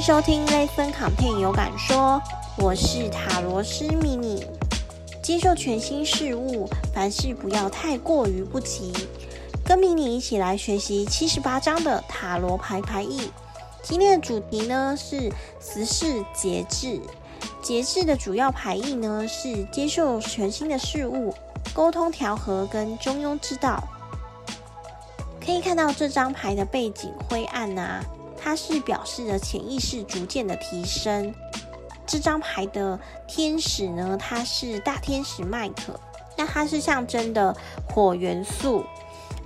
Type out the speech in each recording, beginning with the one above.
收聽 ListenContent 有感說，我是塔羅師米妮，接受全新事物，凡事不要太過於不及。跟米妮一起來學習七十八張的塔羅牌牌意。今天的主題呢是十四節制，節制的主要牌意呢是接受全新的事物，溝通調和跟中庸之道。可以看到這張牌的背景灰暗啊，它是表示着潛意識逐漸的提升。這張牌的天使呢，它是大天使麥可，那它是象徵的火元素，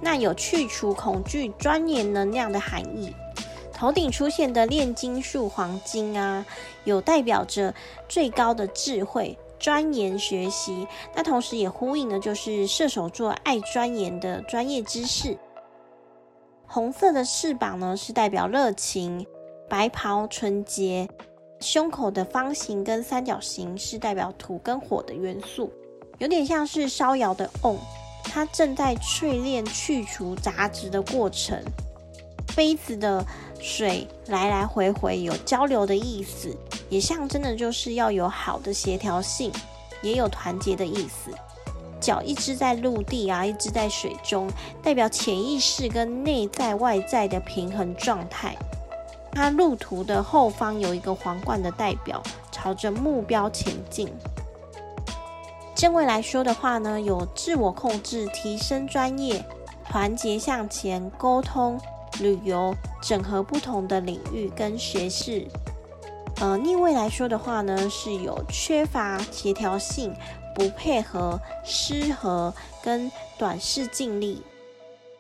那有去除恐懼、鑽研能量的含義。頭頂出現的煉金術黃金啊，有代表着最高的智慧、鑽研學習，那同時也呼應的就是射手座愛鑽研的專業知識。紅色的翅膀呢，是代表熱情；白袍純潔，胸口的方形跟三角形是代表土跟火的元素，有點像是燒窯的甕，它正在淬煉去除雜質的過程。杯子的水來來回回有交流的意思，也象徵的，就是要有好的協調性，也有團結的意思。腳一隻在陸地啊，一隻在水中，代表潛意識跟內在外在的平衡狀態。它路途的後方有一個皇冠的代表，朝着目標前進。正位來說的話呢，有自我控制、提升專業、團結向前、溝通、旅遊、整合不同的領域跟學士；呃，逆位來說的話呢，是有缺乏協調性。不配合、失和、跟短視近利。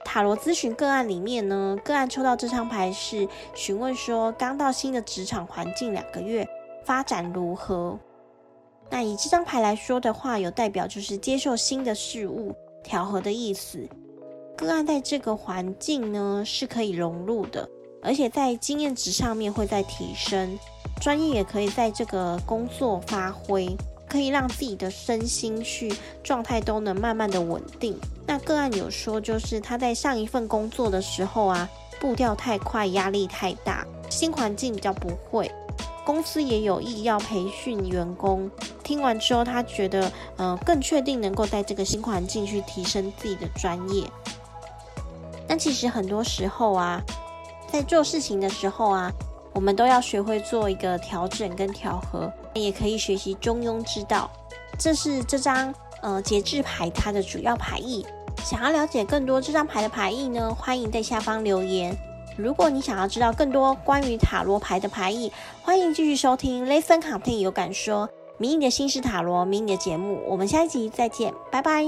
塔羅諮詢個案裡面呢，個案抽到這張牌是詢問說，剛到新的職場環境兩個月，發展如何？那以這張牌來說的話，有代表就是接受新的事物、調和的意思。個案在這個環境呢是可以融入的，而且在經驗值上面會再提升，專業也可以在這個工作發揮。可以讓自己的身心去狀態都能慢慢的穩定。那個案有說，就是他在上一份工作的時候啊，步調太快，壓力太大，新環境比較不會。公司也有意要培訓員工。聽完之後，他覺得，嗯、呃，更確定能夠在這個新環境去提升自己的專業。但其實很多時候啊，在做事情的時候啊。我們都要學會做一個調整跟調和，也可以學習中庸之道。這是這張呃節制牌它的主要牌意。想要了解更多這張牌的牌意呢，歡迎在下方留言。如果你想要知道更多關於塔羅牌的牌意，歡迎繼續收聽《ListenContent 有感說》明年的新式塔羅，明年的節目，我們下一集再見，拜拜。